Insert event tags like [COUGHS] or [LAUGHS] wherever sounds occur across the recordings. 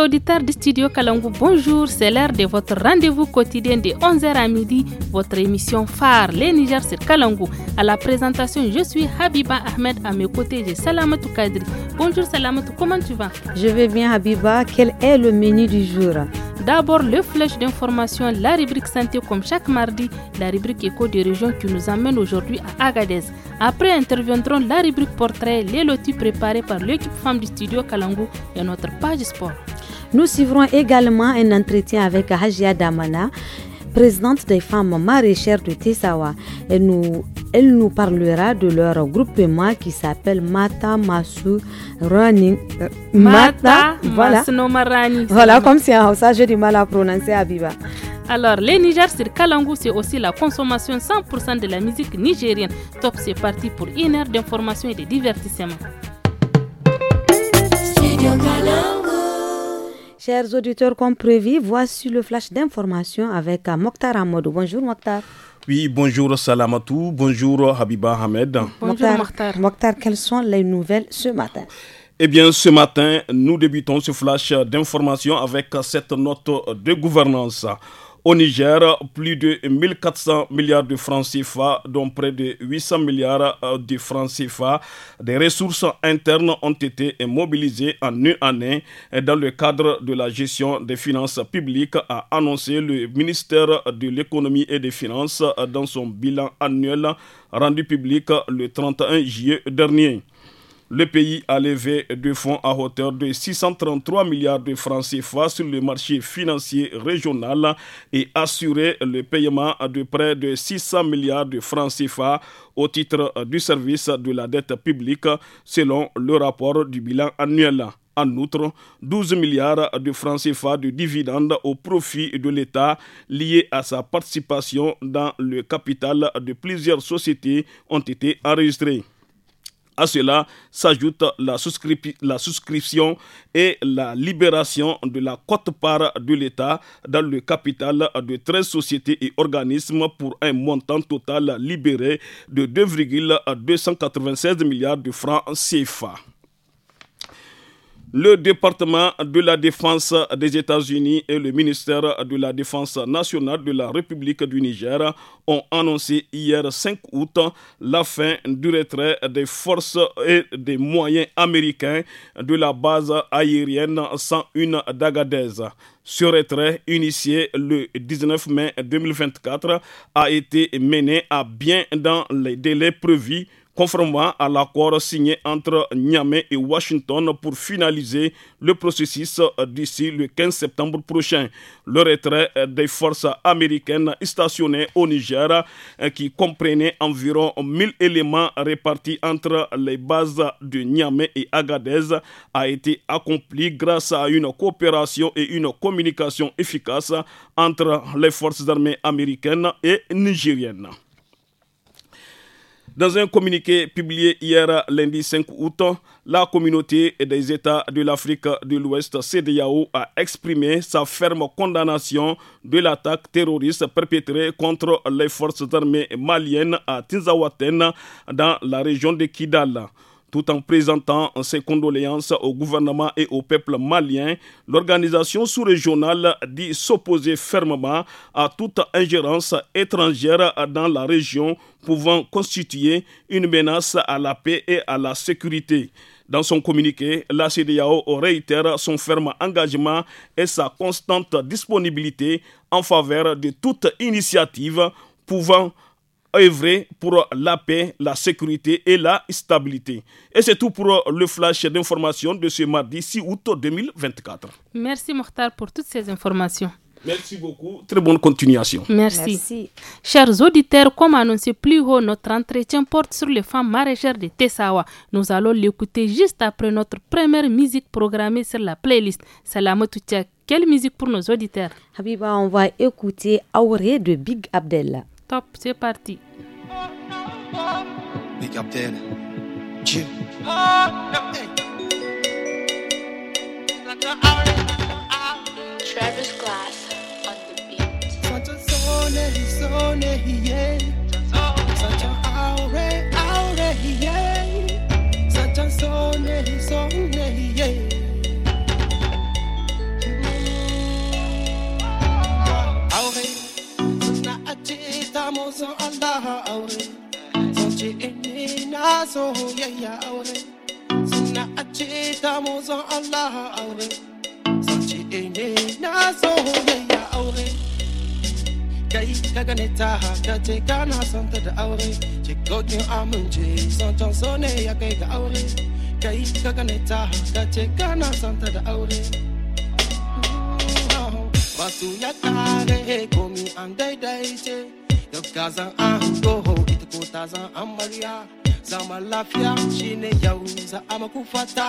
auditeurs du studio Kalangu, bonjour. C'est l'heure de votre rendez-vous quotidien de 11h à midi, votre émission phare, les Niger sur Kalangu. À la présentation, je suis Habiba Ahmed, à mes côtés, j'ai Salamatou Kadri. Bonjour Salamatou, comment tu vas Je vais bien Habiba, quel est le menu du jour D'abord, le flèche d'information, la rubrique santé comme chaque mardi, la rubrique éco des régions qui nous amène aujourd'hui à Agadez. Après interviendront la rubrique portrait, les lotis préparés par l'équipe femme du studio Kalangou et notre page sport. Nous suivrons également un entretien avec Hajia Damana, présidente des femmes maraîchères de Tessawa. Elle nous, elle nous parlera de leur groupement qui s'appelle Mata Masu Running. Euh, Mata, Masu voilà. Voilà, comme si hein, ça, j'ai du mal à prononcer Abiba. Alors, les Niger sur Kalangu, c'est aussi la consommation 100% de la musique nigérienne. Top, c'est parti pour une heure d'information et de divertissement. Chers auditeurs, comme prévu, voici le flash d'information avec Mokhtar Amodou. Bonjour Mokhtar. Oui, bonjour Salamatou, bonjour Habiba Ahmed. Bonjour Mokhtar. Mokhtar, quelles sont les nouvelles ce matin eh bien, ce matin, nous débutons ce flash d'information avec cette note de gouvernance. Au Niger, plus de 1400 milliards de francs CFA, dont près de 800 milliards euh, de francs CFA, des ressources internes ont été mobilisées en une année dans le cadre de la gestion des finances publiques, a annoncé le ministère de l'économie et des finances euh, dans son bilan annuel rendu public le 31 juillet dernier. Le pays a levé de fonds à hauteur de 633 milliards de francs CFA sur le marché financier régional et assuré le paiement de près de 600 milliards de francs CFA au titre du service de la dette publique selon le rapport du bilan annuel. En outre, 12 milliards de francs CFA de dividendes au profit de l'État liés à sa participation dans le capital de plusieurs sociétés ont été enregistrés. À cela s'ajoute la, souscription et la libération de la quote-part de l'État dans le capital de 13 sociétés et organismes pour un montant total libéré de 2,296 milliards de francs CFA. Le département de la défense des États-Unis et le ministère de la Défense nationale de la République du Niger ont annoncé hier 5 août la fin du retrait des forces et des moyens américains de la base aérienne 101 d'Agadez. Ce retrait, initié le 19 mai 2024, a été mené à bien dans les délais prévus conformément à l'accord signé entre Niamey et Washington pour finaliser le processus d'ici le 15 septembre prochain. Le retrait des forces américaines stationnées au Niger, euh, qui comprenait environ 1000 éléments répartis entre les bases de Niamey et Agadez, a été accompli grâce à une coopération et une communication efficace entre les forces armées américaines et nigériennes. Dans un communiqué publié hier lundi 5 août, la communauté des États de l'Afrique de l'Ouest, CDAO, a exprimé sa ferme condamnation de l'attaque terroriste perpétrée contre les forces armées maliennes à Tinzawaten dans la région de Kidal. Tout en présentant ses condoléances au gouvernement et au peuple malien, l'organisation sous-régionale dit s'opposer fermement à toute ingérence étrangère dans la région pouvant constituer une menace à la paix et à la sécurité. Dans son communiqué, la CDAO réitère son ferme engagement et sa constante disponibilité en faveur de toute initiative pouvant œuvrer pour la paix, la sécurité et la stabilité. Et c'est tout pour le flash d'information de ce mardi 6 août 2024. Merci Mokhtar pour toutes ces informations. Merci beaucoup. Très bonne continuation. Merci. Chers auditeurs, comme annoncé plus haut, notre entretien porte sur les femmes maraîchères de Tessawa. Nous allons l'écouter juste après notre première musique programmée sur la playlist. Salam Quelle musique pour nos auditeurs Habiba, on va écouter Auré de Big Abdel. Top, c'est parti. Big up there. Chill. Travis Glass on the beat. Such a zone, zone, yeah. Such a aure, aure, yeah. Such a zone, zone. estamos son andar ahora sonche enazo ya ya ahora sina ache estamos son andar ahora sonche enazo ya ya ahora kai kagane taha kate kana santa de ahora che coche amunche son ton sone ya kai ga ahora kai kagane taha kate kana santa de ahora Ba ya tare e komi andai daite. da gaza an ah, toho oh, ita ko ta zama lafiya shine yau amakufata, a makufata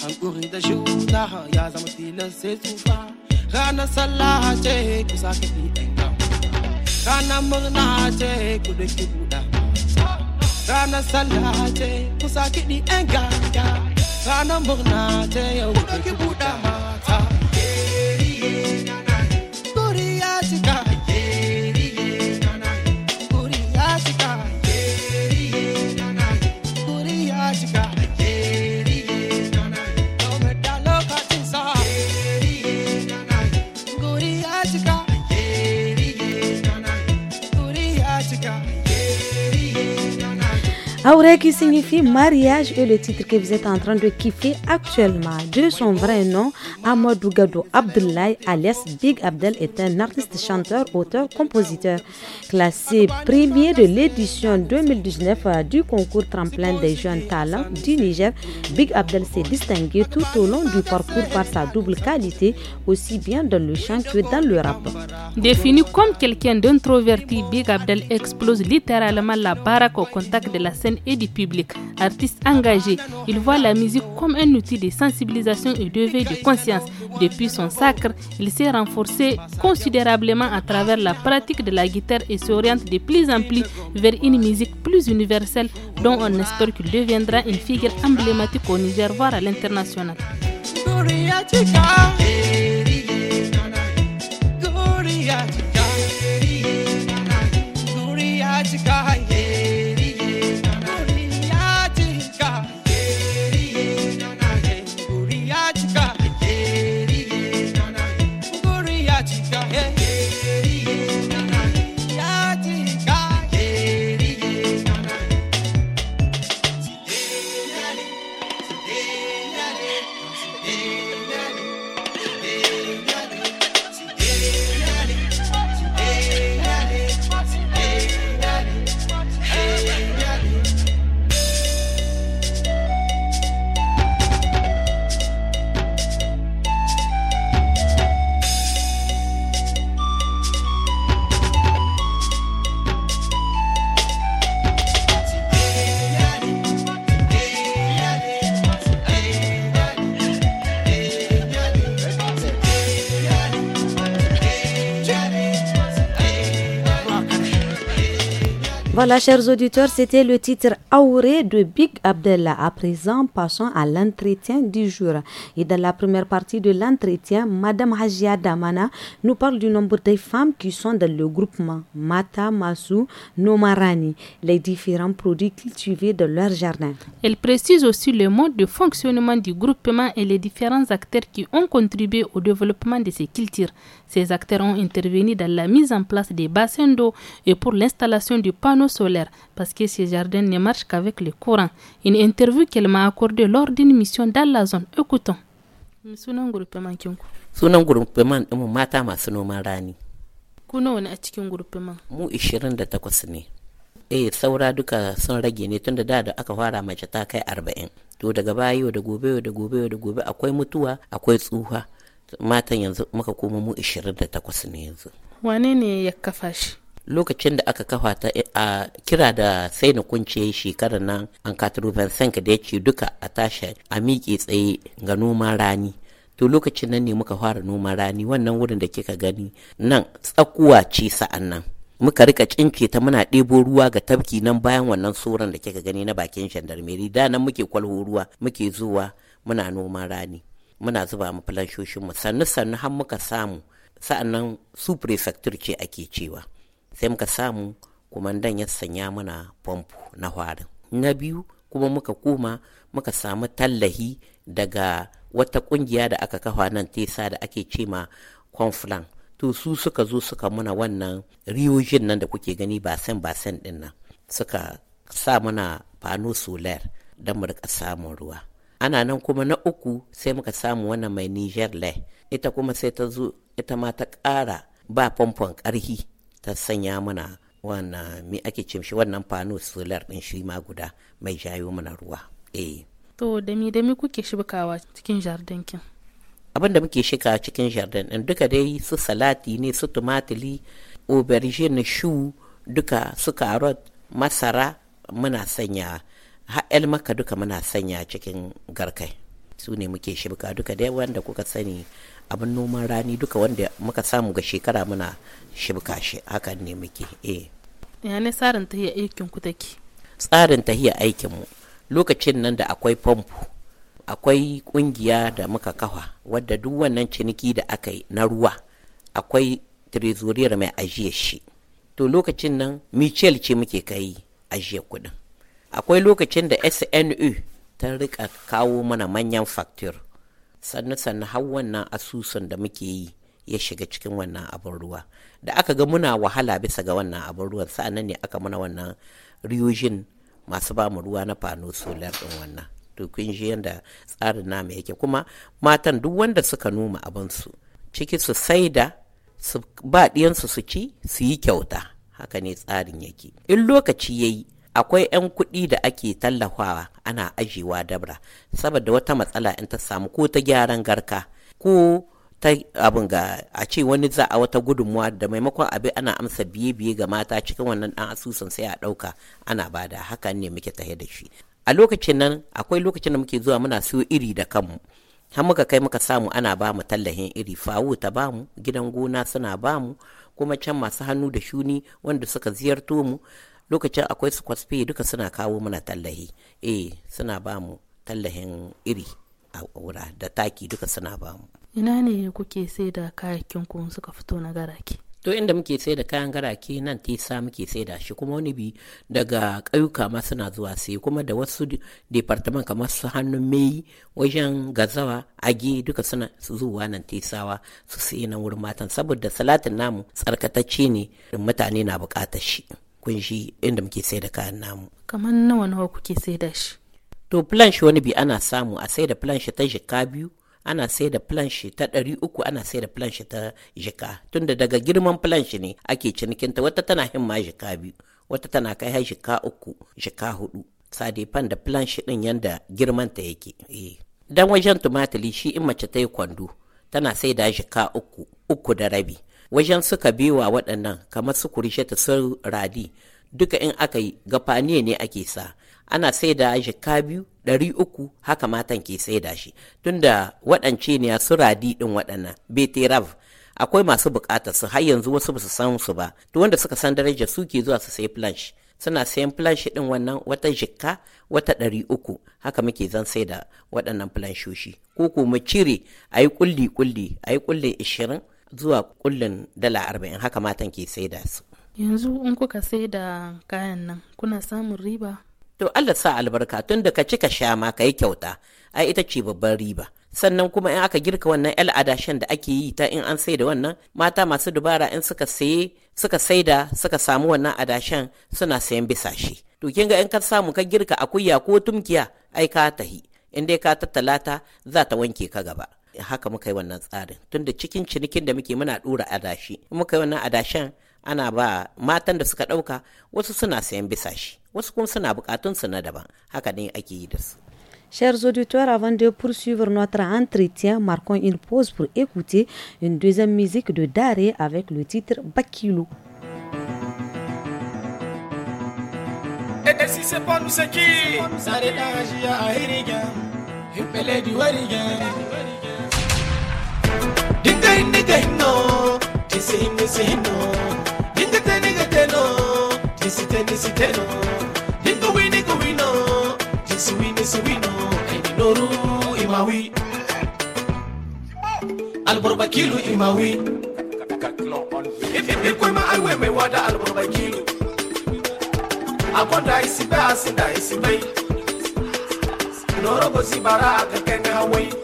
hankuri da juna ya zama tilan sai tsufa ranar che kusake ku sake fi ɗan ranar murna ce ku da ki enga, ranar sallah ce ku Aureki qui signifie mariage est le titre que vous êtes en train de kiffer actuellement. De son vrai nom, Amadou Gado Abdoulaye alias Big Abdel est un artiste chanteur, auteur, compositeur. Classé premier de l'édition 2019 euh, du concours tremplin des jeunes talents du Niger, Big Abdel s'est distingué tout au long du parcours par sa double qualité, aussi bien dans le chant que dans le rap. Défini comme quelqu'un d'introverti, Big Abdel explose littéralement la baraque au contact de la scène et du public. Artiste engagé, il voit la musique comme un outil de sensibilisation et de veille de conscience. Depuis son sacre, il s'est renforcé considérablement à travers la pratique de la guitare et s'oriente de plus en plus vers une musique plus universelle dont on espère qu'il deviendra une figure emblématique au Niger, voire à l'international. Voilà, chers auditeurs, c'était le titre Aouré de Big Abdella. À présent, passons à l'entretien du jour. Et dans la première partie de l'entretien, Madame Hajia Damana nous parle du nombre des femmes qui sont dans le groupement Mata Masu Nomarani, les différents produits cultivés dans leur jardin. Elle précise aussi le mode de fonctionnement du groupement et les différents acteurs qui ont contribué au développement de ces cultures. Ces acteurs ont intervenu dans la mise en place des bassins d'eau et pour l'installation du panneau solaire parce que ces jardins ne marchent qu'avec le courant. Une interview qu'elle m'a accordée lors d'une mission dans la zone. Écoutons. Sunan gurfaman kinku. Sunan gurfaman ɗinmu mata masu noman rani. Ku nawa ne a cikin groupement. Mu 28 ne. eh saura duka sun rage ne tunda da da aka fara mace ta kai arba'in to daga baya da gobe da gobe da gobe akwai mutuwa akwai tsuha matan yanzu muka koma mu 28 ne yanzu wane ne ya kafa shi lokacin da aka kafa ta eh, a kira da sai na kunce shekarar nan an kataro da ya ce duka a tashi a miƙe tsaye ga noman rani to lokacin nan ne muka fara noman rani wannan wurin da kika gani nan tsakuwa ce sa'an nan muka rika cince ta muna ɗebo ruwa ga tafki nan bayan wannan tsoron da kika gani na bakin shandarmeri da nan muke kwalho ruwa muke zuwa muna noman rani muna zuba mu filan sannu sannu har muka samu sa'an nan su prefecture ce ake cewa sai muka samu kumandan ya sanya mana famfo na hwarin na biyu kuma muka koma muka samu tallahi daga wata kungiya da aka kafa nan tesa da ake ce ma conflan to su suka zo suka muna wannan riyojin nan da kuke gani basen basen din nan suka sa mana fano solar don mu rika samun ruwa ana nan kuma na uku sai muka samu wannan mai niger le ita kuma sai ta zo ita ma ta ƙara ba famfon ƙarhi ta sanya mana wannan me ake ce shi wannan fano solar din shi ma guda mai jayo mana ruwa eh to da mi da mi kuke shibkawa cikin jardin kin abin da muke shika cikin jardin din duka dai su salati ne su tumatili aubergine shu duka su carrot masara muna sanya ha'el maka duka muna sanya cikin garkai su ne muke shibka duka dai wanda kuka sani abin noman rani duka wanda muka samu ga shekara muna shibka shi hakan ne muke eh ya ne tsarin tahiya aikin ku take tsarin tahiya aikin mu lokacin nan da akwai famfo akwai kungiya da muka kafa wadda duk wannan ciniki da aka yi na ruwa akwai trezoriyar mai ajiye shi to lokacin nan michel ce muke kai ajiye kuɗin akwai lokacin da snu ta rika kawo mana manyan factor sannu sannu har wannan asusun da muke yi ya shiga cikin wannan abin ruwa da aka ga muna wahala bisa ga wannan abin ruwan sa'annan ne aka muna wannan riyojin masu ba mu ruwa na fano solar din wannan to kun ji yadda tsarin namu yake kuma matan duk wanda suka noma abin su ciki su saida su ba ɗiyansu su ci su yi kyauta haka ne tsarin yake in lokaci yayi akwai 'yan kuɗi da ake tallafawa ana ajiyewa dabra saboda wata matsala in ta samu ko ta gyaran garka ko ta abin ga a ce wani za a wata gudunmuwa da maimakon abin ana amsa biye-biye ga mata cikin wannan dan asusun sai a ɗauka ana bada haka ne muke tahe da shi a lokacin nan akwai lokacin da muke zuwa muna siyo iri da kanmu har muka kai muka samu ana ba mu tallahin iri fawu ta ba mu gidan gona suna ba mu kuma can masu hannu da shuni wanda suka ziyarto mu lokacin akwai su kwasfi duka suna kawo mana tallahi eh suna ba mu tallahin iri a wura da taki duka suna ba mu ina ne kuke sai da kayakin ku suka fito na garaki to inda muke sai da kayan garake nan tesa muke sai da shi kuma wani bi daga ƙauyuka ma suna zuwa sai kuma da wasu departament kamar su hannun mai wajen gazawa age duka suna zuwa nan tesawa su sai na wurin matan saboda salatin namu tsarkatacce ne mutane na bukatar shi kunshi inda muke sai da kayan namu kamar nawa nawa kuke sai da shi to plan shi wani bi ana samu a sai da plan shi ta jika biyu ana sai da planshi ta ɗari uku ana sai da planshi ta jika tunda daga girman planshi ne ake cinikinta wata tana himma jika biyu wata tana kai har jika uku jika hudu sadefan da planshi ɗin yanda girmanta yake eh. dan wajen tumatiri shi in mace ta yi kwando tana sai da jika uku uku da rabi wajen suka biwa waɗannan kamar su ta sun radi duka in aka yi gafaniye ne ake sa ana saida ka biyu ɗari uku haka matan ke da shi tunda waɗance ne su radi ɗin waɗannan beterav akwai masu buƙatar su har yanzu wasu basu san su ba to wanda suka san daraja su ke zuwa su sai flash suna sayan flash ɗin wannan wata jikka wata ɗari uku haka muke zan sai da waɗannan flashoshi ko ko mu cire a yi kulli kulli a yi kullin ashirin. zuwa kullun dala arba'in haka matan ke saida su yanzu in kuka da kayan nan kuna samun riba to Allah sa albarka tun da ka ci ka sha ma ka yi kyauta ai ita ce babban riba sannan kuma in aka girka wannan ‘yal adashen da ake yi ta in an sai da wannan mata masu dubara in suka saye suka da suka samu wannan adashen suna sayan bisa shi. to kin ga in ka samu ka girka akuya ko tumkiya ai ka tahi in dai ka tattalata za ta wanke ka gaba haka muka yi wannan tsarin tunda cikin cinikin da muke muna dura adashi muka yi wannan adashen ana ba matan da suka dauka wasu suna sayan bisa shi wasu kuma suna bukatun su na daban haka ne ake yi da su Chers auditeurs, avant de poursuivre notre entretien, marquons une pause pour écouter une deuxième musique de Daré avec le titre Et si c'est pas nous c'est qui Ça dérange à Hirigan, il pelait du Hirigan nigayno tisinnisino ningate nigateno tisitenisiteno ninguwiniguwino tisiwinisiwino eninoru imawi alborbakilu imawi ikwema aiweme wada alborbakilu akonda isibe asinda isibai norogo zibara akakene hawai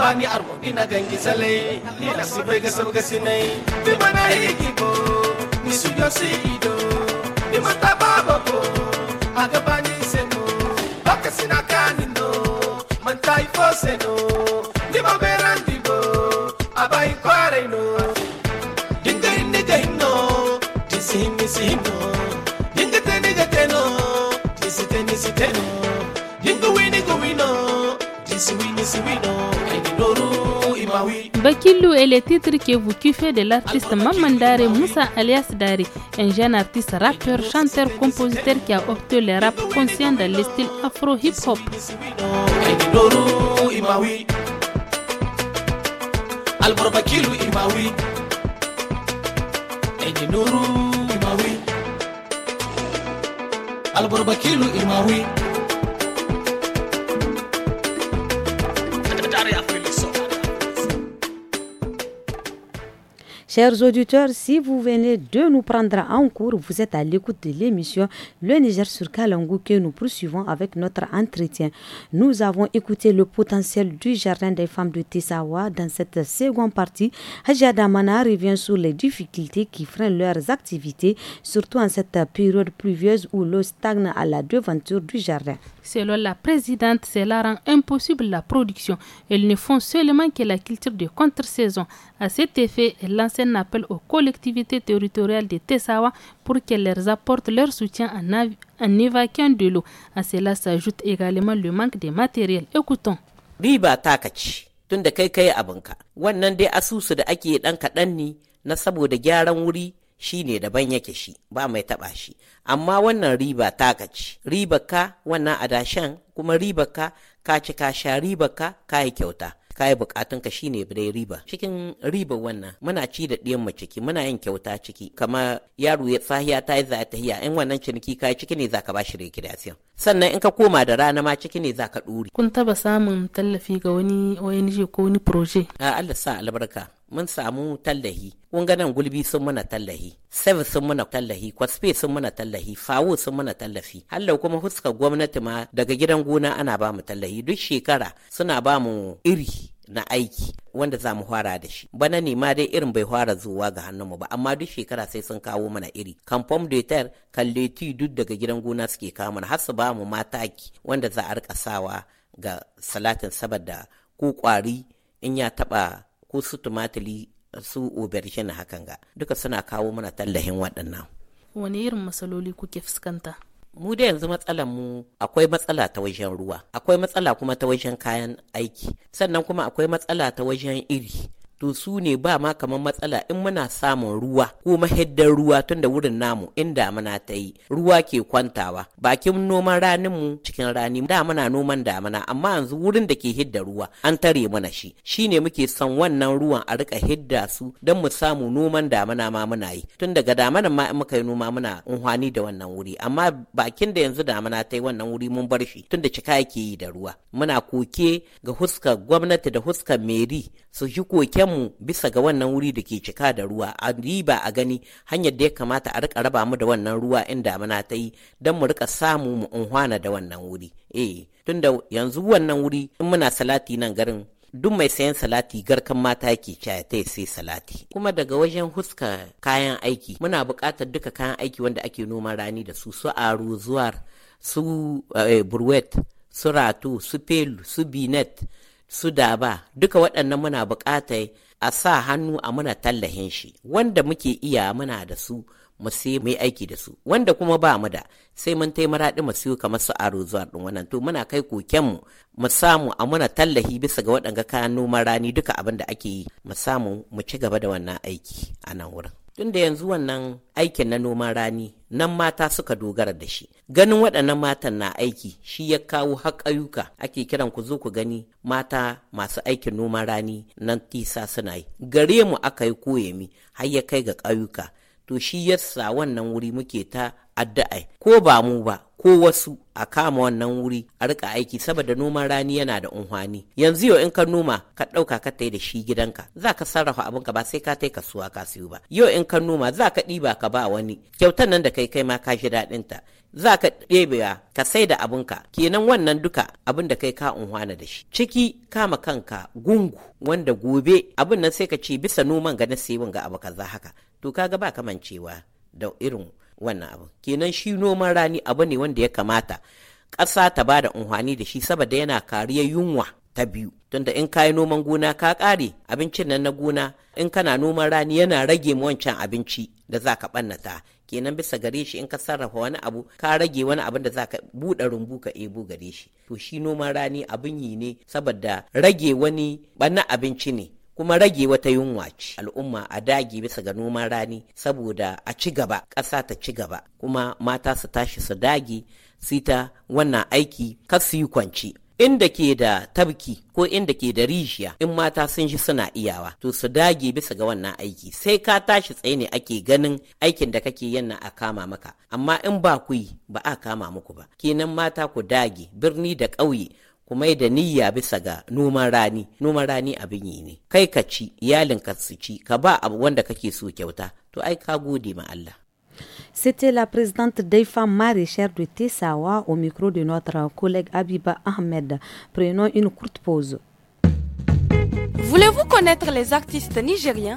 Bani arbo bina gangi sale si sibe ga sabga sinai bi bana bo ni yo si ido ni mata baba bo aga bani seno baka sina kanindo mantai foseno ni ma berandi bo abai kware no dinga inne ga no, disi hinni si no, dinga tene ga teno disi tene si teno Bakilou est le titre que vous kiffez de l'artiste Mamandare Moussa alias Dari, un jeune artiste rappeur, chanteur, compositeur qui a opté le rap conscient dans le style afro-hip-hop. Chers auditeurs, si vous venez de nous prendre en cours, vous êtes à l'écoute de l'émission Le Niger sur Kalangou que nous poursuivons avec notre entretien. Nous avons écouté le potentiel du jardin des femmes de Tessawa. Dans cette seconde partie, Haji Damana revient sur les difficultés qui freinent leurs activités, surtout en cette période pluvieuse où l'eau stagne à la devanture du jardin. Selon la présidente, cela rend impossible la production. Elles ne font seulement que la culture de contre-saison. À cet effet, elle lance lancé un appel aux collectivités territoriales de Tessawa pour qu'elles leur apportent leur soutien en, en évacuant de l'eau. À cela s'ajoute également le manque de matériel. Écoutons. Riba takaci tunda kai kai abinka wannan dai asusu da ake dan kaɗan ne na saboda gyaran wuri shi ne daban yake shi ba mai taɓa shi amma wannan riba taka ci riba ka wannan adashen kuma riba ka ka ci ka sha riba ka ka yi kyauta kayi bukatunka shine dai riba cikin riba wannan muna ci da ɗiyan mu ciki muna yin kyauta ciki kama yaro ya tsahiya ta yi zatahiya in wannan ciniki kai ciki ne zaka bashi rekreation sannan in ka koma da rana ma ciki ne zaka ɗuri. kun taba samun tallafi ga wani ONG ko wani proje a Allah sa albarka mun samu tallahi kun ga nan gulbi sun muna tallahi seven sun muna tallahi kwasfe sun muna tallahi fawo sun muna tallafi hallau kuma huskar gwamnati ma daga gidan gona ana ba mu tallahi duk shekara suna ba mu iri na aiki wanda za mu fara da shi bana ne ma dai irin bai fara zuwa ga hannunmu ba amma duk shekara sai sun kawo mana iri kamfom deter kalleti duk daga gidan gona suke kawo mana har su ba mu mataki wanda za a rika sawa ga salatin saboda ko kwari in ya taba ko su tumatiri su aubergine hakan ga duka suna kawo mana tallahin waɗannan wani irin masaloli kuke fuskanta mu da yanzu matsalar mu akwai matsala ta wajen ruwa akwai matsala kuma ta wajen kayan aiki sannan kuma akwai matsala ta wajen iri to su ne ba ma kamar matsala in muna samun ruwa ko mahiddar ruwa tun da wurin namu in damuna ta yi ruwa ke kwantawa bakin noman ranin mu cikin rani da muna noman damuna amma yanzu wurin da ke hidda ruwa an tare mana shi shine muke son wannan ruwan a rika hidda su don mu samu noman damuna ma muna yi tun daga damanan ma in muka yi noma muna unhwani da wannan wuri amma bakin da yanzu damuna ta yi wannan wuri mun bar shi tun da cika yake yi da ruwa muna koke ga huskar gwamnati da huskar meri su shi kokenmu bisa ga wannan wuri da ke cika da ruwa a riba a gani hanyar da ya kamata a rika raba mu da wannan ruwa in damuna ta yi don mu rika samu mu unhwana da wannan wuri eh tunda yanzu wannan wuri in muna salati nan garin duk mai sayan salati garkan mata yake caya ta sai salati kuma daga wajen huska kayan aiki muna buƙatar duka kayan aiki wanda ake noman rani da su su aro zuwar su eh, burwet su ratu su pelu su binet su da ba duka waɗannan muna buƙatar a sa hannu a muna tallahin shi wanda muke iya muna da su mu sai mu aiki da su wanda kuma ba mu da sai mun tai maraɗi mu siyo kamar su aro zuwa ɗin wannan to muna kai kokenmu mu samu a muna tallahi bisa ga waɗanga kayan noman rani duka abin da ake yi mu samu mu ci gaba da wannan aiki a nan wurin. tunda yanzu wannan aikin na noman rani nan mata suka dogara da shi ganin waɗannan matan na aiki shi ya kawo haƙayuka ake kiran ku zo ku gani mata masu aikin noman rani nan tisa suna yi gare mu aka yi koyami har ya kai ga ƙauyuka. to shi yasa wannan wuri muke ta addu'ai ko ba mu ba ko wasu a kama wannan wuri a rika aiki saboda noman rani yana da unhwani yanzu yau in ka noma ka ɗauka ka tai da shi gidanka za ka sarrafa abin ka ba sai ka tai kasuwa ka siyo ba yau in ka noma za ka ɗiba ka ba wani kyautan nan da kai kai ma ka ji daɗin ta za ka ɗebewa ka sai da abinka kenan wannan duka abin da kai ka unhwana da shi ciki kama kanka gungu wanda gobe abin nan sai ka ce bisa noman ga na ga abu kaza haka to kaga ba ka kamancewa da irin wannan abu kenan shi noman rani abu ne wanda ya kamata ƙasa ta ba da unhwani da shi saboda yana kariya yunwa ta biyu tunda in kayi noman gona ka ƙare abincin nan na gona in kana noman rani yana rage wancan abinci da za ka ɓannata kenan bisa gare shi in ka sarrafa wani abu ka rage wani abin da za ka buɗe rumbu ka ebo gare shi to shi noman rani abin yi ne saboda rage wani ɓanna abinci ne kuma rage wata yunwa ce al'umma a dage bisa ga noman rani saboda a ci gaba ƙasa ta ci gaba kuma mata su tashi su dage su ta wannan aiki kar su yi kwanci inda ke da tabki ko inda ke da rijiya in mata sun shi suna iyawa to su dage bisa ga wannan aiki sai ka tashi tsaye ne ake ganin aikin da kake yana a kama maka amma in ba ku yi ba a kama muku ba kenan mata ku dage birni da ƙauye C'était la présidente des Marie-Chère de Tessawa au micro de notre collègue Abiba Ahmed. Prenons une courte pause. Voulez-vous connaître les artistes nigériens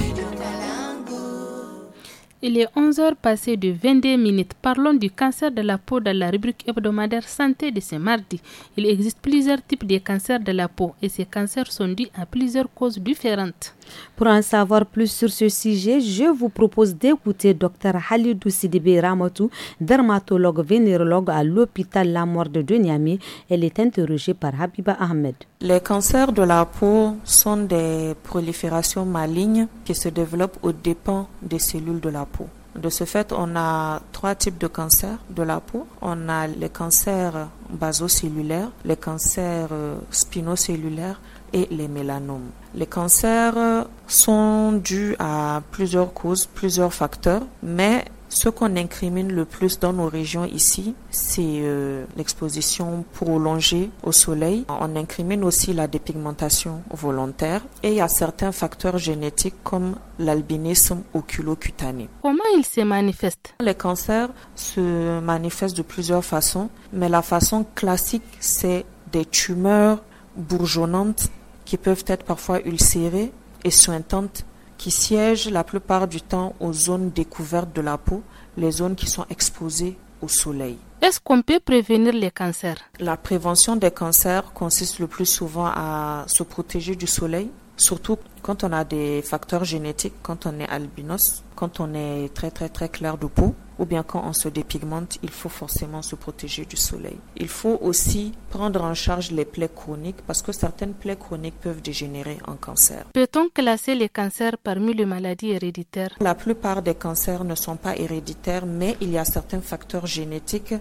Il est 11h passé de 22 minutes. Parlons du cancer de la peau dans la rubrique hebdomadaire santé de ce mardi. Il existe plusieurs types de cancers de la peau et ces cancers sont dus à plusieurs causes différentes. Pour en savoir plus sur ce sujet, je vous propose d'écouter Dr Halidou Sidibé Ramatou, dermatologue vénérologue à l'hôpital La Mort de Niamey. Elle est interrogée par Habiba Ahmed. Les cancers de la peau sont des proliférations malignes qui se développent au dépens des cellules de la peau. De ce fait, on a trois types de cancers de la peau. On a les cancers basocellulaires, les cancers euh, spinocellulaires et les mélanomes. Les cancers sont dus à plusieurs causes, plusieurs facteurs, mais ce qu'on incrimine le plus dans nos régions ici, c'est euh, l'exposition prolongée au soleil. On incrimine aussi la dépigmentation volontaire et il y a certains facteurs génétiques comme l'albinisme oculocutané. Comment ils se manifestent Les cancers se manifestent de plusieurs façons, mais la façon classique, c'est des tumeurs bourgeonnantes qui peuvent être parfois ulcérées et suintantes, qui siègent la plupart du temps aux zones découvertes de la peau, les zones qui sont exposées au soleil. Est-ce qu'on peut prévenir les cancers La prévention des cancers consiste le plus souvent à se protéger du soleil, Surtout quand on a des facteurs génétiques, quand on est albinos, quand on est très très très clair de peau, ou bien quand on se dépigmente, il faut forcément se protéger du soleil. Il faut aussi prendre en charge les plaies chroniques parce que certaines plaies chroniques peuvent dégénérer en cancer. Peut-on classer les cancers parmi les maladies héréditaires La plupart des cancers ne sont pas héréditaires, mais il y a certains facteurs génétiques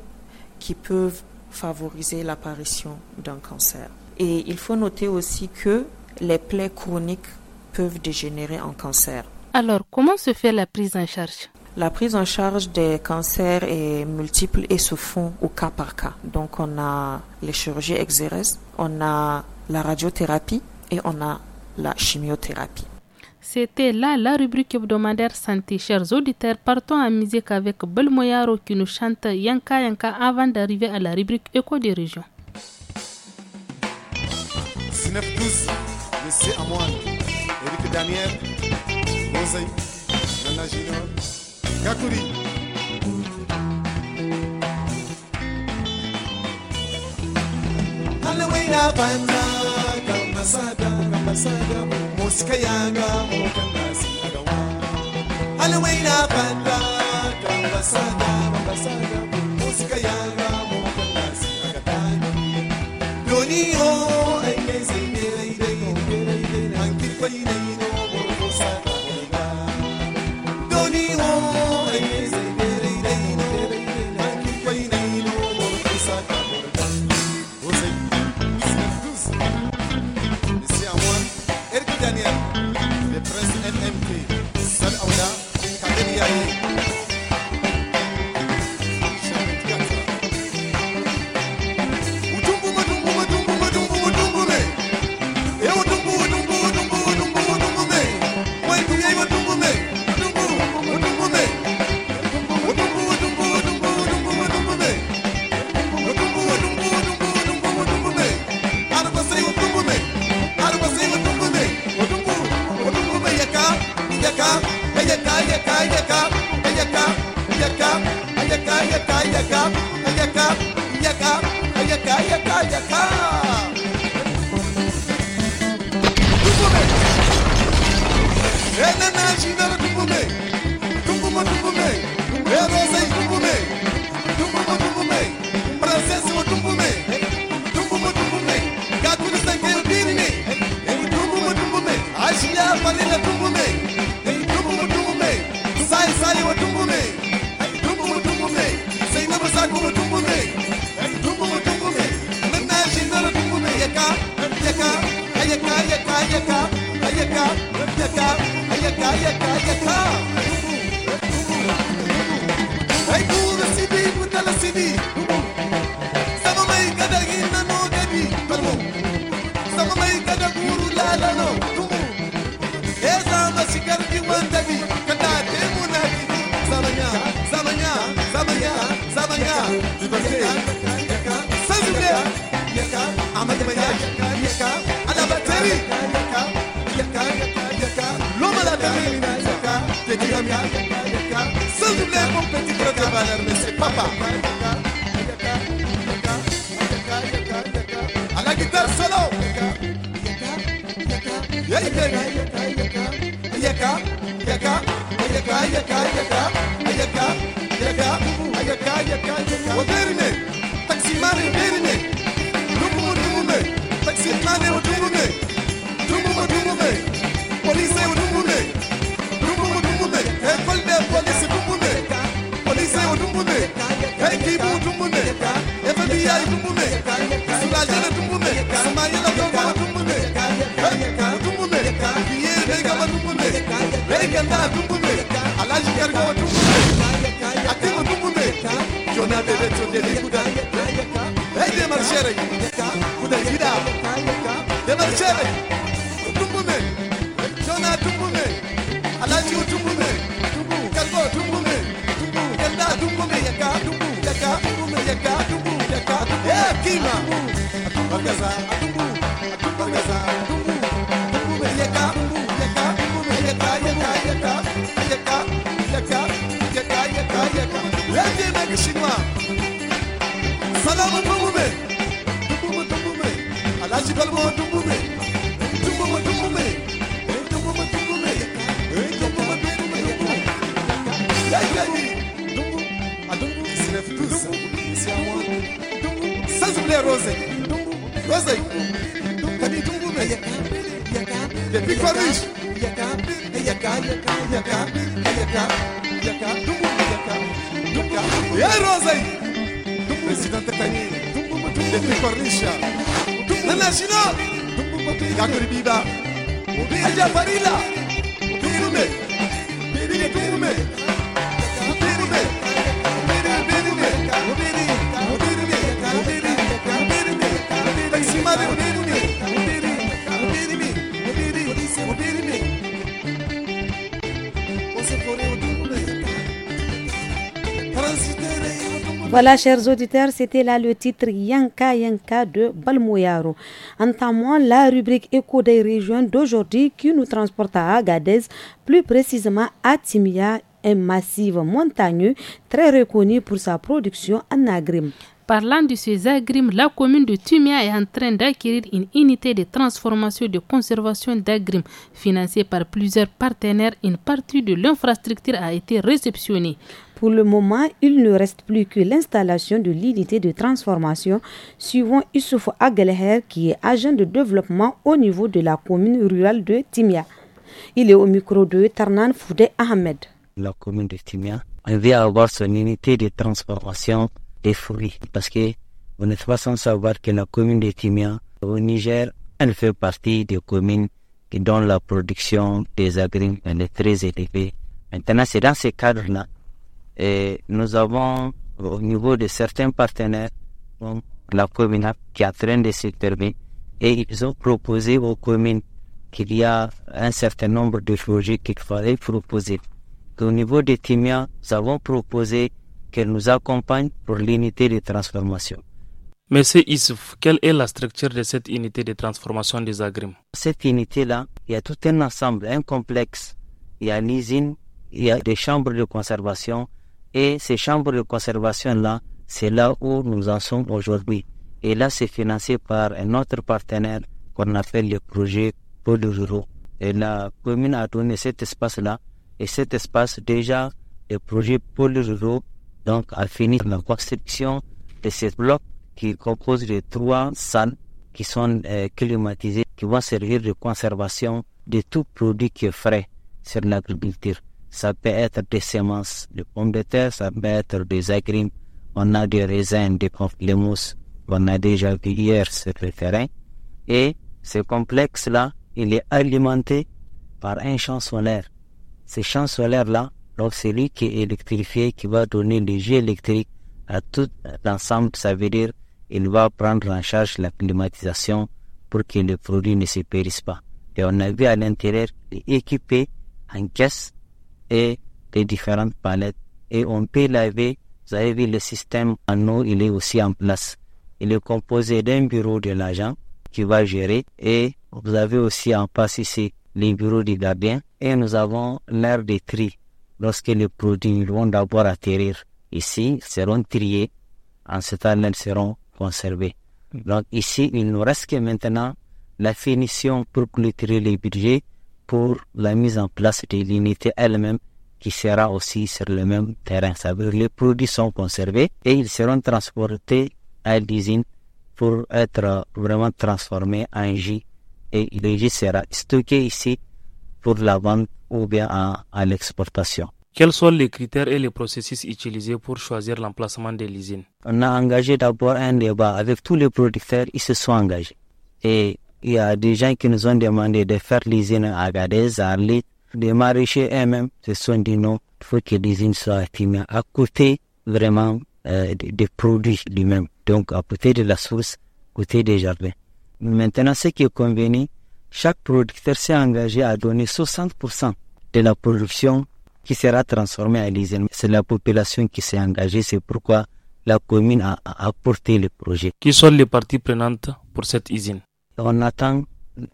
qui peuvent favoriser l'apparition d'un cancer. Et il faut noter aussi que les plaies chroniques peuvent dégénérer en cancer. Alors, comment se fait la prise en charge la prise en charge des cancers est multiple et se font au cas par cas. Donc on a les chirurgies exérès, on a la radiothérapie et on a la chimiothérapie. C'était là la rubrique hebdomadaire santé. Chers auditeurs, partons en musique avec Belmoyaro qui nous chante Yanka Yanka avant d'arriver à la rubrique éco des régions. lycée à moi. Eric Daniel, Nana Kakuri. Halloween banda kamasada kamasada musika yanga agawa Halloween kamasada kamasada agatani Medina. Dumbo cargo a kishima salamu dumbume dumbume dumbume alhaji balbo dumbume dumbume dumbume dumbume dumbume dumbume dumbume yayi dumbu adumbu sinefu dumbu siamo dumbu sazule rose dumbu rose dumbu kadi dumbume depuis corrige yaka yaka yaka yaka yaka yaka dumbume Italia. E Tu Presidente Tajini, Detto Corniscia, Nana Shino, Kakuri Biba, Aja Farilla, Pirume, Pirige Pirume, Pirume, Pirume, Pirume, Pirume, Pirume, Pirume, Pirume, Pirume, Pirume, Pirume, Pirume, Voilà, chers auditeurs, c'était là le titre Yanka Yanka de Balmoyaro. Entamons la rubrique Écho des régions d'aujourd'hui qui nous transporte à Agadez, plus précisément à Timia, un massif montagneux très reconnu pour sa production en agrime. Parlant de ces agrimes, la commune de Timia est en train d'acquérir une unité de transformation et de conservation d'agrimes financée par plusieurs partenaires. Une partie de l'infrastructure a été réceptionnée. Pour le moment, il ne reste plus que l'installation de l'unité de transformation suivant Issouf Agelher qui est agent de développement au niveau de la commune rurale de Timia. Il est au micro de Tarnan Foudé Ahmed. La commune de Timia, on vient avoir son unité de transformation des fruits parce que vous ne pas sans savoir que la commune de Timia au Niger, elle fait partie des communes qui dont la production des agrumes est très élevée. Maintenant, c'est dans ce cadre-là et nous avons, au niveau de certains partenaires, la commune qui en train de se terminer, et ils ont proposé aux communes qu'il y a un certain nombre de projets qu'il fallait proposer. Au niveau de Timia, nous avons proposé qu'elle nous accompagne pour l'unité de transformation. Monsieur Issouf, quelle est la structure de cette unité de transformation des agrumes Cette unité-là, il y a tout un ensemble, un complexe. Il y a l'usine, il y a des chambres de conservation, et ces chambres de conservation-là, c'est là où nous en sommes aujourd'hui. Et là, c'est financé par un autre partenaire qu'on appelle le projet Pôle Et la commune a donné cet espace-là. Et cet espace, déjà, le projet Pôle Ruraux donc, a fini la construction de ces blocs qui composent de trois salles qui sont euh, climatisées, qui vont servir de conservation de tout produit qui est frais sur l'agriculture ça peut être des semences de pommes de terre, ça peut être des agrumes, on a des raisins, des pamplemousses on a déjà vu hier sur le terrain. Et ce complexe-là, il est alimenté par un champ solaire. Ce champ solaire-là, donc c'est qui est électrifié, qui va donner le jeu électrique à tout l'ensemble. Ça veut dire il va prendre en charge la climatisation pour que les produit ne se périsse pas. Et on a vu à l'intérieur, équipé en caisse et les différentes palettes. Et on peut laver. Vous avez vu le système en eau, il est aussi en place. Il est composé d'un bureau de l'agent qui va gérer et vous avez aussi en place ici les bureaux du gardien et nous avons l'air de tri. Lorsque les produits vont d'abord atterrir ici, seront triés. En ce temps, ils seront conservés. Donc ici, il nous reste que maintenant la finition pour clôturer les budgets pour la mise en place de l'unité elle-même qui sera aussi sur le même terrain. les produits sont conservés et ils seront transportés à l'usine pour être euh, vraiment transformés en J. Et le jus sera stocké ici pour la vente ou bien à, l'exportation. Quels sont les critères et les processus utilisés pour choisir l'emplacement de l'usine On a engagé d'abord un débat avec tous les producteurs, ils se sont engagés. Et il y a des gens qui nous ont demandé de faire l'usine à Gadez, à Arlit. Des maraîchers eux-mêmes se sont dit non, il faut que l'usine soit à côté vraiment euh, des, des produits lui-même, donc à côté de la source, côté des jardins. Maintenant, ce qui est convenu, chaque producteur s'est engagé à donner 60% de la production qui sera transformée à l'usine. C'est la population qui s'est engagée, c'est pourquoi la commune a apporté le projet. Qui sont les parties prenantes pour cette usine on attend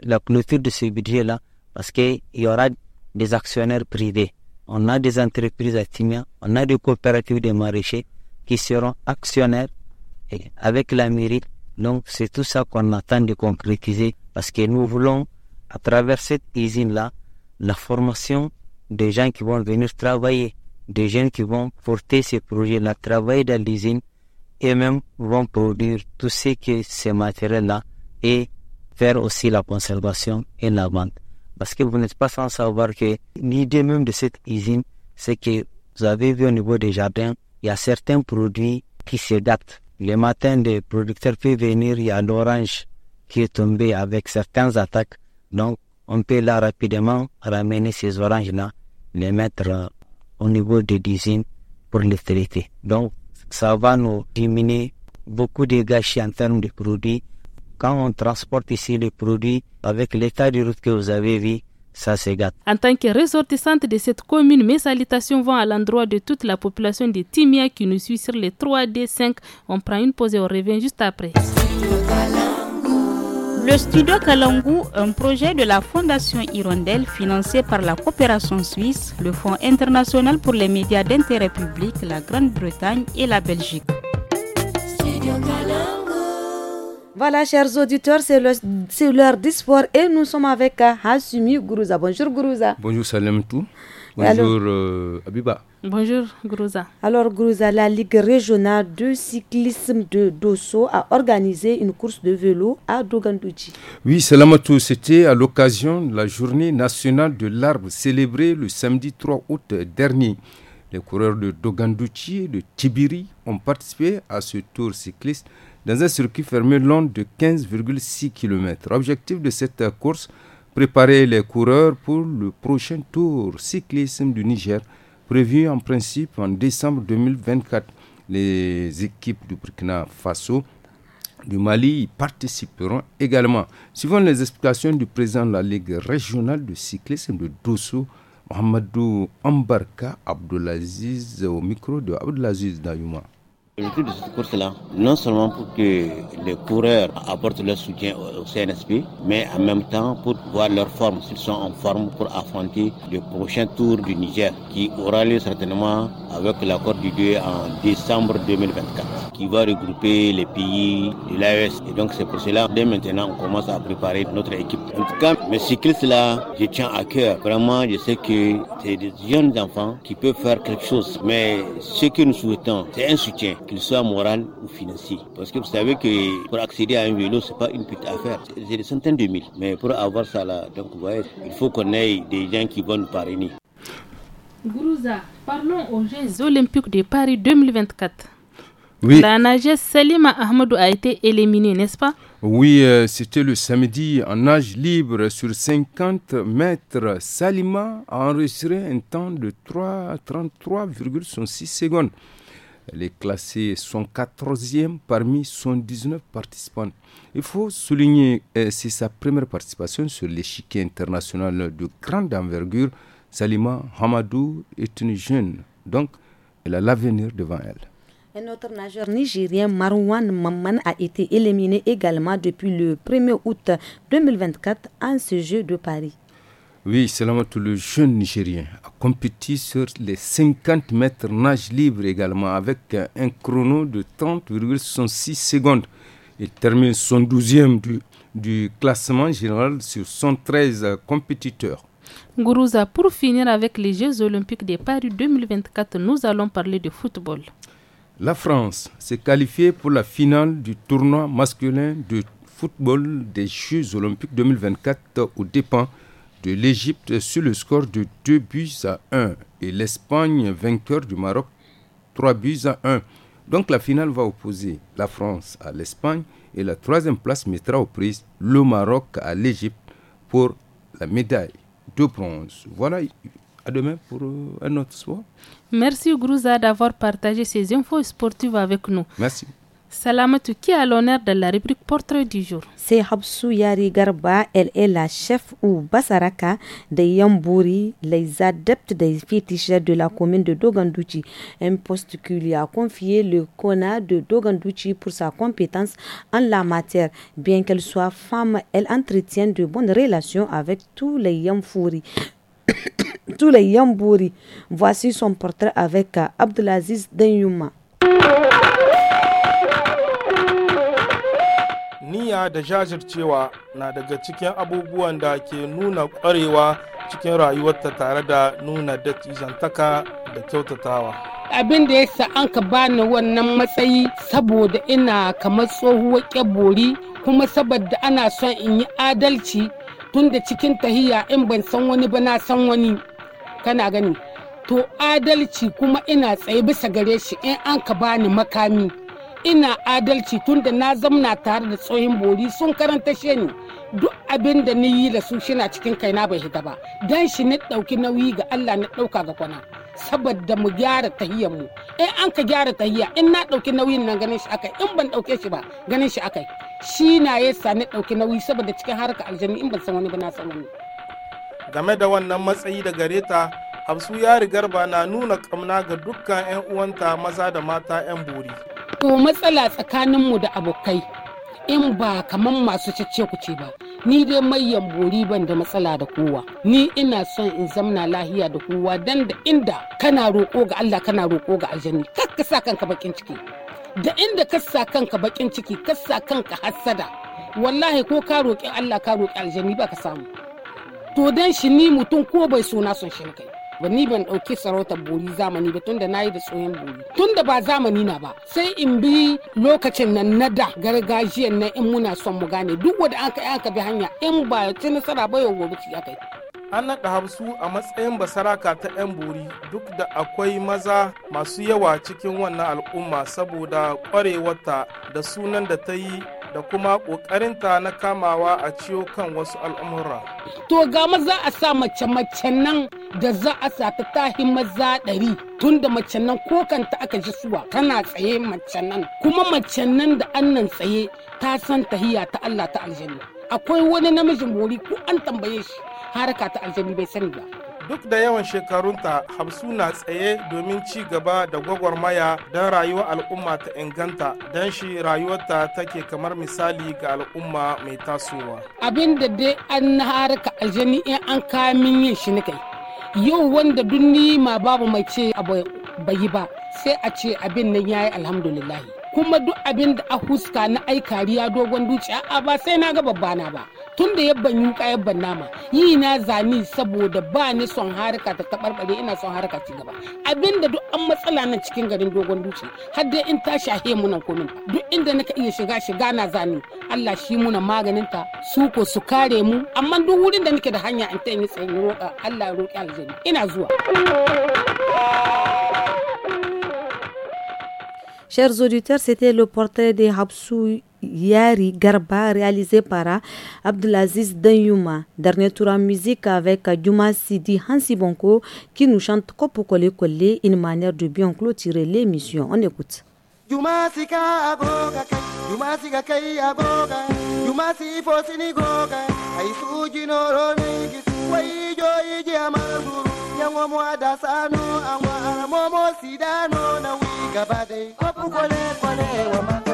la clôture de ce budget-là parce qu'il y aura des actionnaires privés. On a des entreprises à Timia, on a des coopératives de maraîchers qui seront actionnaires et avec la mairie. Donc c'est tout ça qu'on attend de concrétiser parce que nous voulons, à travers cette usine-là, la formation des gens qui vont venir travailler, des jeunes qui vont porter ces projets-là, travailler dans l'usine et même vont produire tout ce que ces matériels-là et faire aussi la conservation et la vente. Parce que vous n'êtes pas sans savoir que l'idée même de cette usine, c'est que vous avez vu au niveau des jardins, il y a certains produits qui se datent. Le matin, des producteurs peuvent venir, il y a l'orange qui est tombé avec certains attaques. Donc, on peut là rapidement ramener ces oranges-là, les mettre euh, au niveau de l'usine pour les traiter. Donc, ça va nous diminuer beaucoup de gâchis en termes de produits quand on transporte ici les produits avec l'état de route que vous avez vu, ça se gâte. En tant que ressortissante de cette commune, mes salutations vont à l'endroit de toute la population de Timia qui nous suit sur les 3D5. On prend une pause et on revient juste après. Le studio Kalangu, un projet de la Fondation Hirondelle financé par la coopération suisse, le Fonds international pour les médias d'intérêt public, la Grande-Bretagne et la Belgique. Voilà, chers auditeurs, c'est l'heure d'espoir et nous sommes avec euh, Hassumi Gourouza. Bonjour Gourouza. Bonjour Salem Bonjour euh, Abiba. Bonjour Gourouza. Alors Gourouza, la Ligue régionale de cyclisme de Dosso a organisé une course de vélo à Dogandouchi. Oui, Salamatou, c'était à l'occasion de la journée nationale de l'arbre célébrée le samedi 3 août dernier. Les coureurs de Dogandouchi et de Tibiri ont participé à ce tour cycliste dans un circuit fermé long de 15,6 km. Objectif de cette course, préparer les coureurs pour le prochain tour cyclisme du Niger, prévu en principe en décembre 2024. Les équipes du Burkina Faso du Mali y participeront également. Suivant les explications du président de la Ligue régionale de cyclisme de Dosso, Mohamedou Ambarka Abdelaziz, au micro de Abdelaziz Dayouma. L'objectif de cette course-là, non seulement pour que les coureurs apportent leur soutien au CNSP, mais en même temps pour voir leur forme, s'ils sont en forme pour affronter le prochain tour du Niger, qui aura lieu certainement avec l'accord du Dieu en décembre 2024, qui va regrouper les pays de l'AES. Et donc c'est pour cela, dès maintenant, on commence à préparer notre équipe. En tout cas, mes cyclistes-là, je tiens à cœur. Vraiment, je sais que c'est des jeunes enfants qui peuvent faire quelque chose, mais ce que nous souhaitons, c'est un soutien qu'il soit moral ou financier. Parce que vous savez que pour accéder à un vélo, ce n'est pas une petite affaire. J'ai des centaines de mille. Mais pour avoir ça là, il faut qu'on ait des gens qui vont nous parrainer. Gourouza, parlons aux Jeux Olympiques de Paris 2024. La nageuse Salima Ahmadou a été éliminée, n'est-ce pas Oui, euh, c'était le samedi en nage libre sur 50 mètres. Salima a enregistré un temps de 33,66 secondes. Elle est classée 114e parmi 119 participants. Il faut souligner, que euh, c'est sa première participation sur l'échiquier international de grande envergure. Salima Hamadou est une jeune, donc elle a l'avenir devant elle. Un autre nageur nigérien, Marouane Mamman, a été éliminé également depuis le 1er août 2024 en ce jeu de Paris. Oui, Salamatou, le jeune Nigérien a compétit sur les 50 mètres nage libre également avec un chrono de 30,66 secondes. Il termine son 12e du, classement général sur 113 compétiteurs. Gourouza, pour finir avec les Jeux olympiques de Paris 2024, nous allons parler de football. La France s'est qualifiée pour la finale du tournoi masculin de football des Jeux olympiques 2024 au dépens de l'Égypte sur le score de 2 buts à 1 et l'Espagne vainqueur du Maroc 3 buts à 1. Donc la finale va opposer la France à l'Espagne et la troisième place mettra aux prises le Maroc à l'Égypte pour la médaille de bronze. Voilà, à demain pour euh, un autre soir. Merci Grouza d'avoir partagé ces infos sportives avec nous. Merci. Salamatu, qui a l'honneur de la rubrique portrait du jour C'est Habsou Yari Garba, elle est la chef ou Basaraka des Yambouri, les adeptes des fétiches de la commune de Dogandouchi, un poste qui lui a confié le Kona de Dogandouchi pour sa compétence en la matière. Bien qu'elle soit femme, elle entretient de bonnes relations avec tous les Yamfouri. [COUGHS] tous les Yambouri. Voici son portrait avec Abdelaziz Denyuma. niyya da jajircewa na daga cikin abubuwan da ke nuna kwarewa cikin rayuwarta tare da nuna dattijantaka da kyautatawa. abin da yasa an ka bani wannan matsayi saboda ina kamar tsohuwar kyabori kuma saboda ana son in yi adalci tunda cikin tahiya in ban san wani ba na san wani kana gani to adalci kuma ina tsaye bisa gare shi in an ka bani makami ina adalci tun da na zamna tare da tsohon bori sun karanta she duk abin da ni yi da su shina cikin kaina bai hita ba dan shi na ɗauki nauyi ga Allah na ɗauka ga kwana saboda mu gyara tahiyar mu in an ka gyara tahiya in na ɗauki nauyin nan ganin shi akai in ban ɗauke shi ba ganin shi akai shi na yasa na ɗauki nauyi saboda cikin harka aljanni in ban san wani ba na san wani game da wannan matsayi da gareta Hafsu ya rigarba na nuna kamna ga dukkan 'yan uwanta maza da mata 'yan bori. to matsala tsakaninmu da abokai in ba kamar masu cece kuce ba ni dai mayan bori ban da matsala da kowa ni ina son in zamna lahiya da kowa dan da inda kana roƙo ga Allah kana roƙo ga aljanni kakka sa kanka bakin ciki da inda ka sa kanka bakin ciki ka sa kanka hassada wallahi ko ka roƙi Allah ka roƙi aljanni ba ka samu to dan shi ni mutum ko bai so na son shi kai ba ni ban ɗauki sarautar bori zamani ba tunda na yi da tsohon bori tunda ba zamani na ba sai in bi lokacin nan na da gargajiyan na in muna son mu gane duk wanda an kai aka bi hanya in ba ci nasara ba yau gobe ci aka yi an naɗa hamsu a matsayin basaraka ta 'yan bori duk da akwai maza masu yawa cikin wannan al'umma saboda kwarewata da sunan da ta yi da kuma ƙoƙarinta na kamawa a ciyo kan wasu al'amura. To ga maza a sa mace mace nan da za a sa ta tahi maza ɗari tun da mace nan ko kanta aka ji suwa tana tsaye mace nan kuma mace nan da annan tsaye ta san tahiya ta Allah ta aljanna. Akwai wani namijin bori ko an tambaye shi haraka ta aljanna bai sani ba. duk da yawan shekarunta hamsu na tsaye domin ci gaba da gwagwarmaya don rayuwar al'umma ta inganta don shi rayuwarta take kamar misali ga al'umma mai tasowa abin da dai an harka aljani in an kamin yin shi kai yau wanda duni ma babu mai ce abu bai ba sai a ce abin nan yayi alhamdulillahi kuma duk abin da a huska na aikari ya dogon duci a ba sai na ga babbana ba tun da yabban yuka yabban nama yi na zani saboda ba ni son harka ta tabarbare ina son harka ci gaba abinda duk an matsala nan cikin garin dogon dutse har dai in ta shahe mu nan komin duk inda naka iya shiga shiga na zani Allah shi muna maganin ta su ko su kare mu amma duk wurin da nake da hanya in ta yi tsayin roƙa Allah roƙi aljanna ina zuwa Chers auditeurs, c'était le portrait des Habsou Yari Garba, réalisé par Abdelaziz Danyuma. Dernier tour en musique avec Juma Sidi Hansi Bonko qui nous chante copocolé Kole, une manière de bien clôturer l'émission. On écoute. Juma aboga. agoga kai, Juma sika kai agoga, Juma si fosini goga, ai suji noro nigi, wai jo iji sano, sidano na wiga copocolé colé kole kole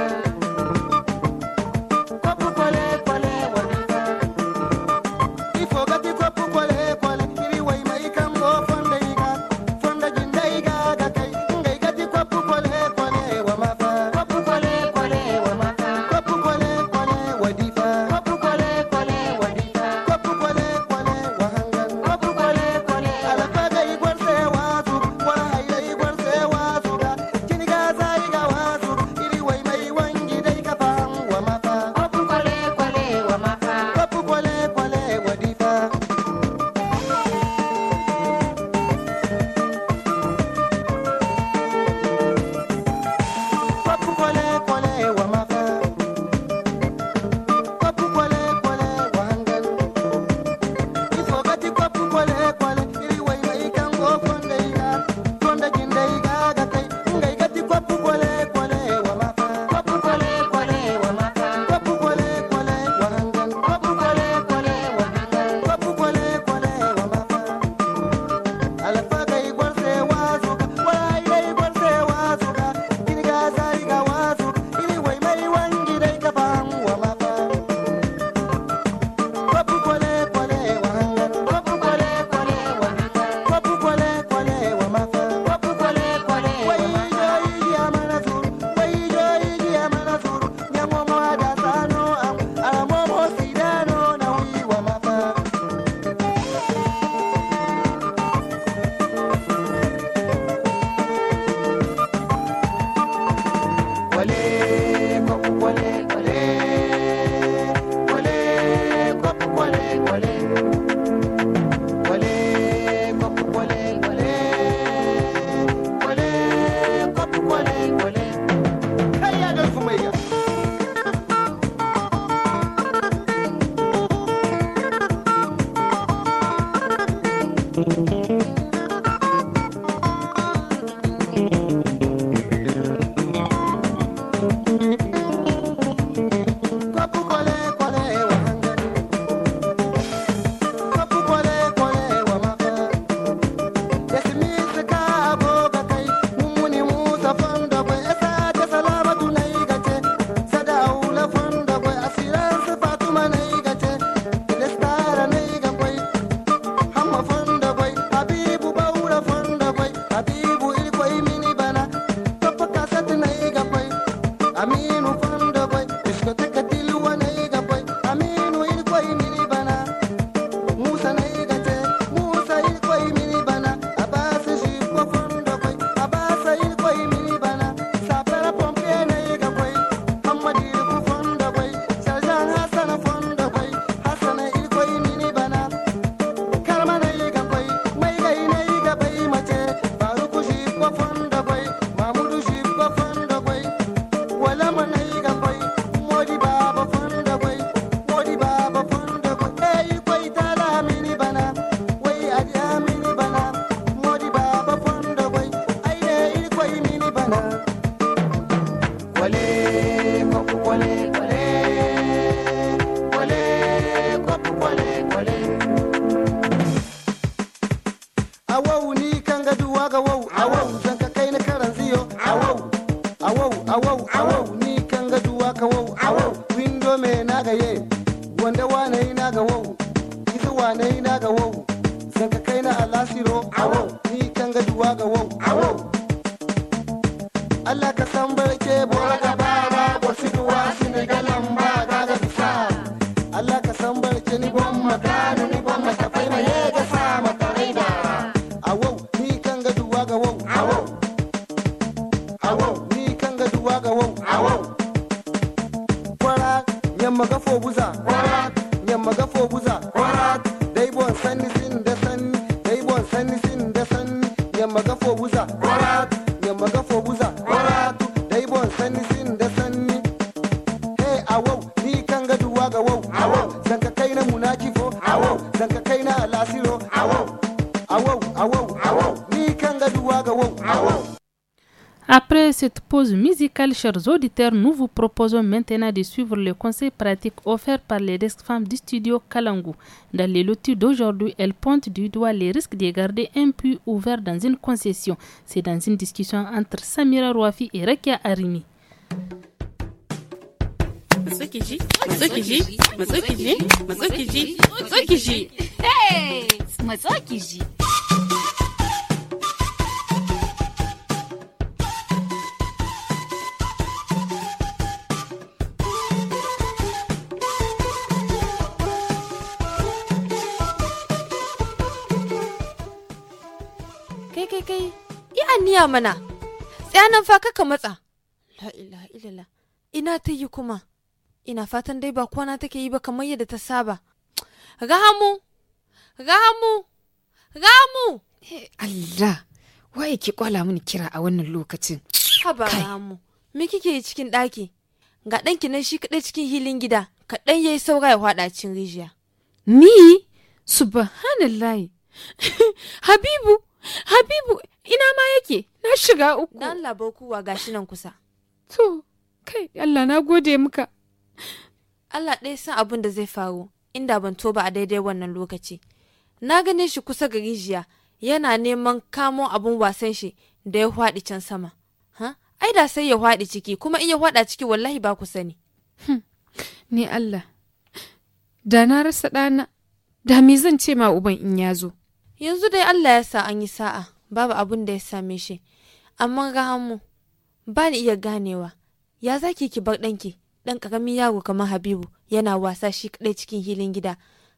chers auditeurs, nous vous proposons maintenant de suivre le conseil pratique offert par les desk femmes du studio Kalangu. Dans les lotus d'aujourd'hui, elles pointent du doigt les risques de garder un puits ouvert dans une concession. C'est dans une discussion entre Samira Rouafi et Rekia Arimi. Hey niya mana tsayanan fa kaka matsa la ilaha illallah ina ta yi kuma ina fatan dai ba kwana take yi ba kamar yadda ta saba ramu ramu ramu eh, allah waye ki kwala mini kira a wannan lokacin haba ramu me kike yi cikin ɗaki ga ɗanki nan shi kaɗai cikin hilin gida kaɗan yayi saura ya hwaɗa cin rijiya ni subhanallahi [LAUGHS] habibu Habibu ina ma yake na shiga uku. Dan labo kuwa gashi nan kusa. To kai Allah na gode muka. Allah ɗaya san abin da zai faru inda ban toba a daidai wannan lokaci. Na gane shi kusa ga rijiya yana neman kamo abin wasan shi da ya hwaɗi can sama. Ha? Ai da sai ya hwaɗi ciki kuma iya ya hwaɗa ciki wallahi ba ku sani. Hmm, ni Allah, da na rasa ɗana, da me zan ce ma uban in ya zo. Yanzu dai Allah ya sa an yi sa'a, babu abin da ya same shi. Amma ga hannu, ba ni iya ganewa. Ya zaki ki bar ɗanki, ɗan ƙaramin yaro kamar Habibu yana wasa shi kaɗai cikin hilin gida.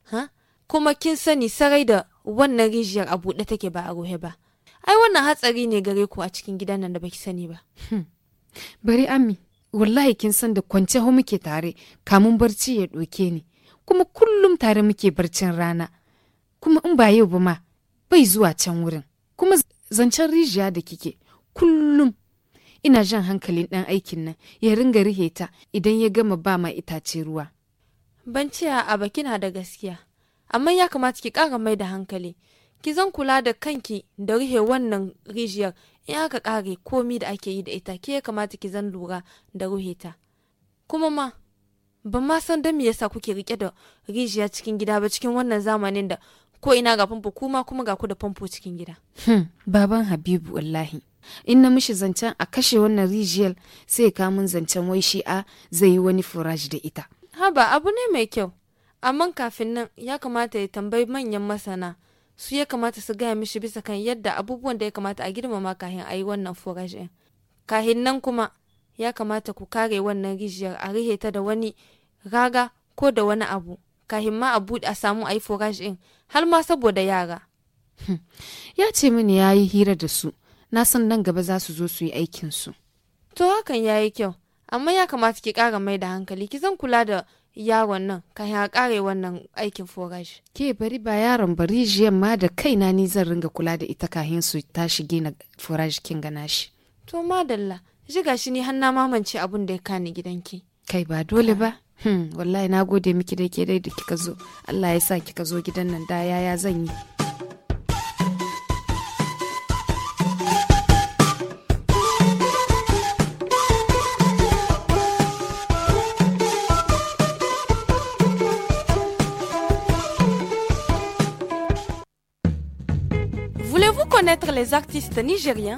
Ha? Kuma kin sani sarai da wannan rijiyar a buɗe take ba a ruhe ba. Ai wannan hatsari ne gare ku a cikin gidan nan da baki sani ba. Hmm. Bari Ami, wallahi kin san da kwance ho muke tare, kamun barci ya ɗoke ni. Kuma kullum tare muke barcin rana. Kuma in ba yau ba ma, bai zuwa can wurin kuma zancen rijiya da kike kullum ina jan hankalin ɗan aikin nan ya ringa rihe ta idan ya gama ba ma itace ruwa ban ce a bakina da gaskiya amma ya kamata ki kara mai da hankali ki zan kula da kanki da rihe wannan rijiyar in aka ƙare komi da ake yi da ita ke ya kamata ki zan lura da ruheta kuma ma ban ma san don me yasa kuke rike da rijiya cikin gida ba cikin wannan zamanin da ko ina ga famfo kuma kuma ga ku da famfo cikin gida. Hmm, baban Habibu wallahi. In na mishi zancen a kashe wannan rijiyar sai ka mun zancen wai shi a zai yi wani furaji da ita. Haba abu ne mai kyau. Amma kafin nan ya kamata ya tambayi manyan masana su ya kamata su gaya mishi bisa kan yadda abubuwan da ya kamata a girmama kahin a yi wannan furaji. Kahin nan kuma ya kamata ku kare wannan rijiyar a rihe ta da wani raga ko da wani abu kahin ma a buɗe a samu a yi forage har ma saboda yara. Hmm. ya ce mini ya yi hira da su, na san nan gaba za su zo su yi aikinsu. To hakan ya yi kyau, amma ya kamata ki kara mai da hankali, ki zan kula da yaron nan ka ya ƙare wannan aikin forage. Ke bari ba yaron bari jiyan ma da kaina ni zan ringa kula da ita kahin su tashi gina forage kin gana shi. To madalla, shiga shi ni har na mamance abin da ya kani gidanki. Kai ba dole ba. Hmm, wallahi na gode miki da ke dai da kika zo. Allah ya sa kika zo gidan nan da yaya zan yi. Voulez-vous connaître les artistes nigériens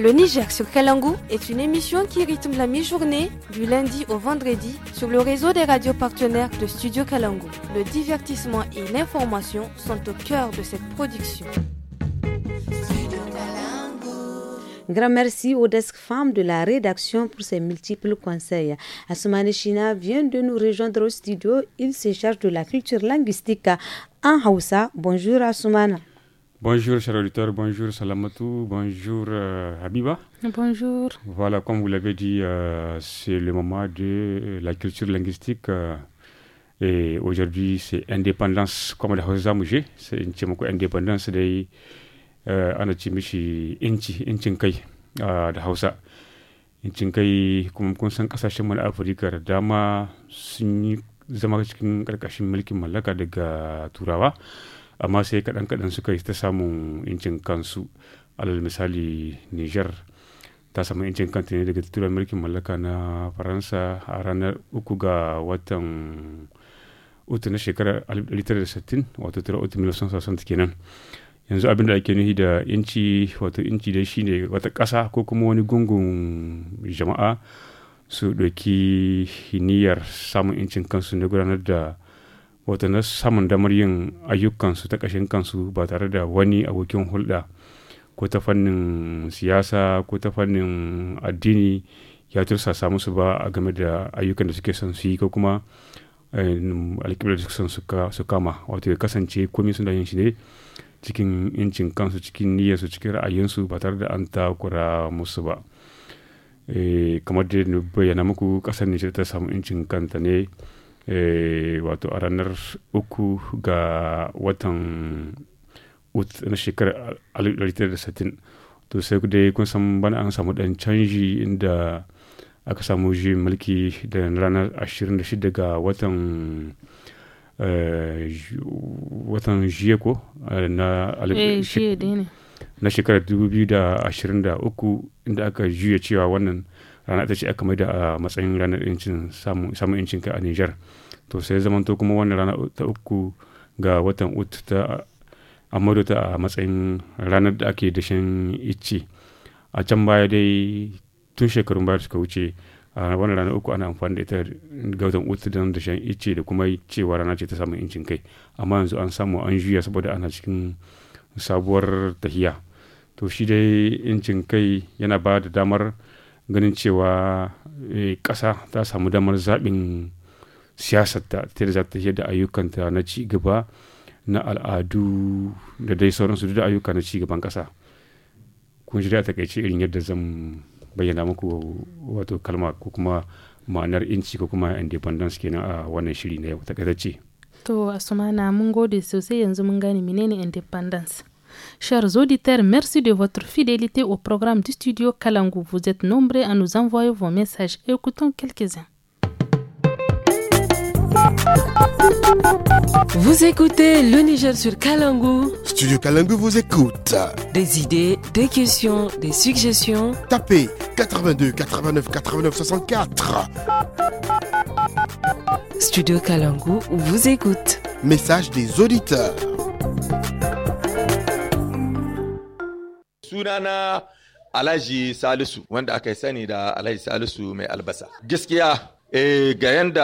Le Niger sur Kalangu est une émission qui rythme la mi-journée du lundi au vendredi sur le réseau des radios partenaires de Studio Kalangu. Le divertissement et l'information sont au cœur de cette production. Grand merci aux desk femmes de la rédaction pour ses multiples conseils. Asumane China vient de nous rejoindre au studio. Il se charge de la culture linguistique en Hausa. Bonjour Asumane. Bonjour, cher auditeur. Bonjour, Salamatou. Bonjour, Habiba. Bonjour. Voilà, comme vous l'avez dit, c'est le moment de la culture linguistique. et aujourd'hui, c'est indépendance, comme la Hosa Moujé. C'est une tchimoko indépendance de Anachimichi Inchi, Inchinkai, de Hausa. Inchinkai, kuma kun san kasashen mu na Afirka dama sun yi zama cikin karkashin mulkin daga Turawa. amma sai kaɗan kaɗan suka yi ta samun incin kansu alal misali niger ta samu incin kanta ne daga turan mulkin mallaka na faransa a ranar uku ga watan uku na shekarar 1960 wato tura uku sassan ta kenan yanzu abin da ake nufi da inci wato inci dai shine wata ƙasa ko kuma wani gungun jama'a su ɗauki niyyar samun incin kansu na gudanar da wato na samun damar yin ayyukansu ta ƙashin kansu ba tare da wani abokin hulɗa ko ta fannin siyasa ko ta fannin addini ya tursasa musu ba a game da ayyukan da suke son su yi ko kuma eh, alƙibar da suke son su kama wato ya kasance komai suna yin shi ne cikin incin kansu cikin niyyarsu cikin ra'ayinsu ba tare da an takura musu ba eh, kamar da bayyana muku ƙasar nijar ta samu incin kanta ne Eh, wato a ranar uku ga watan ut na shekarar 1960 to sai dai kun san bana an samu dan canji inda aka samu ji mulki da ranar 26 ga watan eh, watan jiye ko eh, na shekarar 2023 inda aka juya cewa wannan rana ita ce aka maida a matsayin ranar samun incin kai a nijar to sai zamanto kuma wannan rana ta uku ga watan ut ta amadu ta a matsayin ranar da ake dashen icce a can baya dai tun shekarun baya suka wuce a wannan ranar uku ana amfani da ita ga watan ut don dashen icce da kuma cewa rana ce ta samun incin kai amma yanzu an samu an juya saboda ana cikin sabuwar tahiya to shi dai incin kai yana ba da damar ganin cewa eh, ƙasa ta samu damar zaɓin siyasarta ta yadda za ta da ayyukanta na ci gaba na al'adu da dai sauransu da ayyuka na ci gaban ƙasa kun shirya takaice irin yadda zan bayyana muku wato kalma ko kuma ma'anar inci ko kuma independence kenan a wannan shiri na yau takaitacce to asumana mun gode sosai yanzu mun gane menene independence Chers auditeurs, merci de votre fidélité au programme du studio Kalangu. Vous êtes nombreux à nous envoyer vos messages. Écoutons quelques-uns. Vous écoutez le Niger sur Kalangou. Studio Kalangou vous écoute. Des idées, des questions, des suggestions. Tapez 82 89 89 64. Studio Kalangou vous écoute. Message des auditeurs. Sunana Alaji Salisu, wanda aka da Alaji Salisu mai albasa. Eh, ga yanda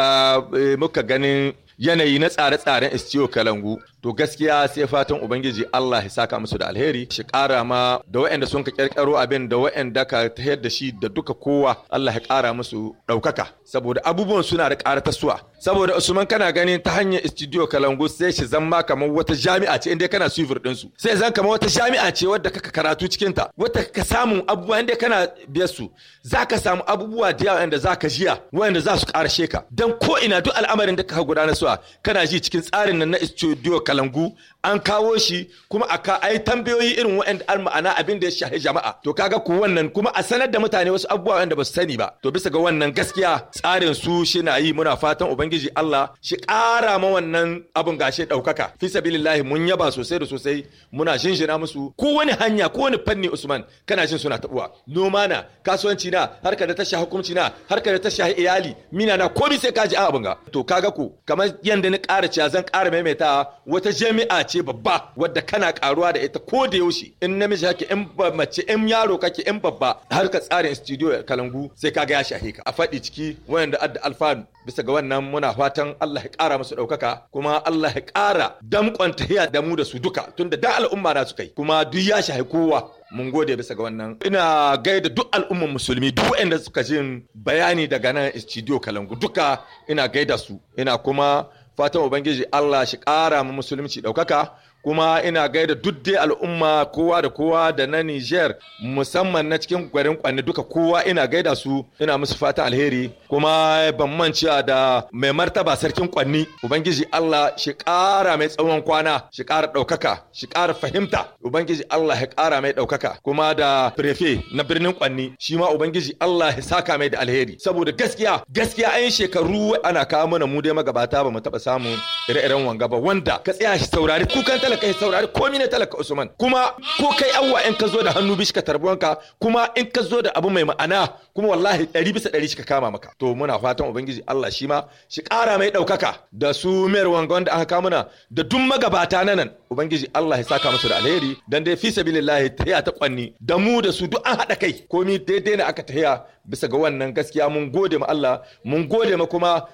eh, muka ganin yanayi na tsare-tsaren istiyo kalangu to gaskiya sai fatan ubangiji Allah ya saka musu da alheri shi kara ma da waɗanda sun ka kirkiro abin da waɗanda ka tayar da shi da duka kowa Allah ya kara musu ɗaukaka saboda abubuwan suna da ƙara tasuwa saboda Usman kana ganin ta hanyar studio Kalangu sai shi zama kamar wata jami'a ce inda kana suivor din su sai zan kamar wata jami'a ce wadda kaka karatu cikin ta wadda ka samu abubuwa inda kana biyar su zaka samu abubuwa da yawa inda zaka jiya wanda za su ƙara sheka dan ko ina duk al'amarin da ka gudanar suwa kana ji cikin tsarin nan na studio Kalangu kalangu an kawo shi kuma a ka ai tambayoyi irin wa'anda al ma'ana abin da ya shahi jama'a to kaga ku wannan kuma a sanar da mutane wasu abubuwa wanda ba su sani ba to bisa ga wannan gaskiya tsarin su shi na yi muna fatan ubangiji Allah shi ƙara ma wannan abun gashe ɗaukaka fi sabilillahi mun yaba sosai da sosai muna jinjina musu ko wani hanya ko wani fanni Usman kana jin suna tabuwa noma na kasuwanci na harka da ta shahi hukunci na harka da ta shahi iyali mina na komai sai kaji a ga to kaga ku kamar yanda ni kara ciya zan kara maimaita wata wata jami'a ce babba wadda kana karuwa da ita ko da yaushe in namiji haka in mace in yaro kake in babba har ka tsarin studio ya kalangu sai kaga ya shahe ka a faɗi ciki da adda alfanu bisa ga wannan muna fatan Allah ya ƙara musu ɗaukaka kuma Allah ya ƙara damƙon tahiya da mu da su duka tunda da al'umma na su kai kuma duk ya shahe kowa mun gode bisa ga wannan ina gaida duk al'umman musulmi duk waɗanda suka jin bayani daga nan studio kalangu duka ina gaida su ina kuma fatan ubangiji Allah shi ƙara mu musulunci ɗaukaka kuma ina gaida duk dai al'umma kowa da kowa da na Niger musamman na cikin gwarin kwanni duka kowa ina gaida su ina musu fata alheri kuma ban mancia da mai martaba sarkin kwanni ubangiji Allah shi kara mai tsawon kwana shi kara ɗaukaka shi kara fahimta ubangiji Allah ya kara mai ɗaukaka kuma da prefe na birnin kwanni shi ma ubangiji Allah ya saka mai da alheri saboda gaskiya gaskiya an shekaru ana kawo mana mu dai magabata ba mu taba samun ire-iren wanga ba wanda ka tsaya shi saurari kukan talaka Ka kai saurari komi ne talaka Usman kuma ko kai awwa in ka zo da hannu bishka tarbuwanka kuma in ka zo da abu mai ma'ana kuma wallahi ɗari bisa ɗari shi ka kama maka to muna fatan ubangiji Allah shi ma shi ƙara mai ɗaukaka da su mayar wanga da aka kamuna da duk magabata na nan ubangiji Allah ya saka musu da alheri dan dai fi sabilillahi tahiya ta kwanni da mu da su duk an haɗa kai komi daidai ne aka tahiya bisa ga wannan gaskiya mun gode ma Allah mun gode ma kuma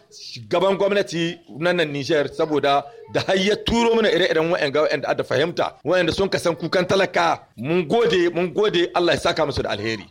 gaban gwamnati nan nan Niger saboda da har turo mana ire-iren ga wa'anda da fahimta wa'anda sun kasan kukan talaka mun gode mun gode Allah ya saka musu da alheri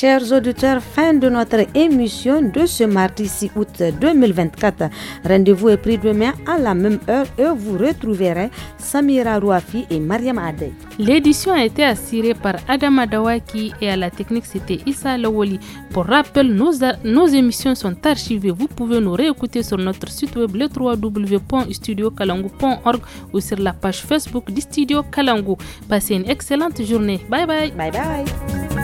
Chers auditeurs, fin de notre émission de ce mardi 6 août 2024. Rendez-vous est pris demain à la même heure et vous retrouverez Samira Rouafi et Mariam Adey. L'édition a été assurée par Adam Adawaki et à la technique c'était Issa Lawoli. Pour rappel, nos, émissions sont archivées. Vous pouvez nous réécouter sur notre site web le ou sur la page Facebook du Studio Kalangu. Passez une excellente journée. Bye bye. Bye bye.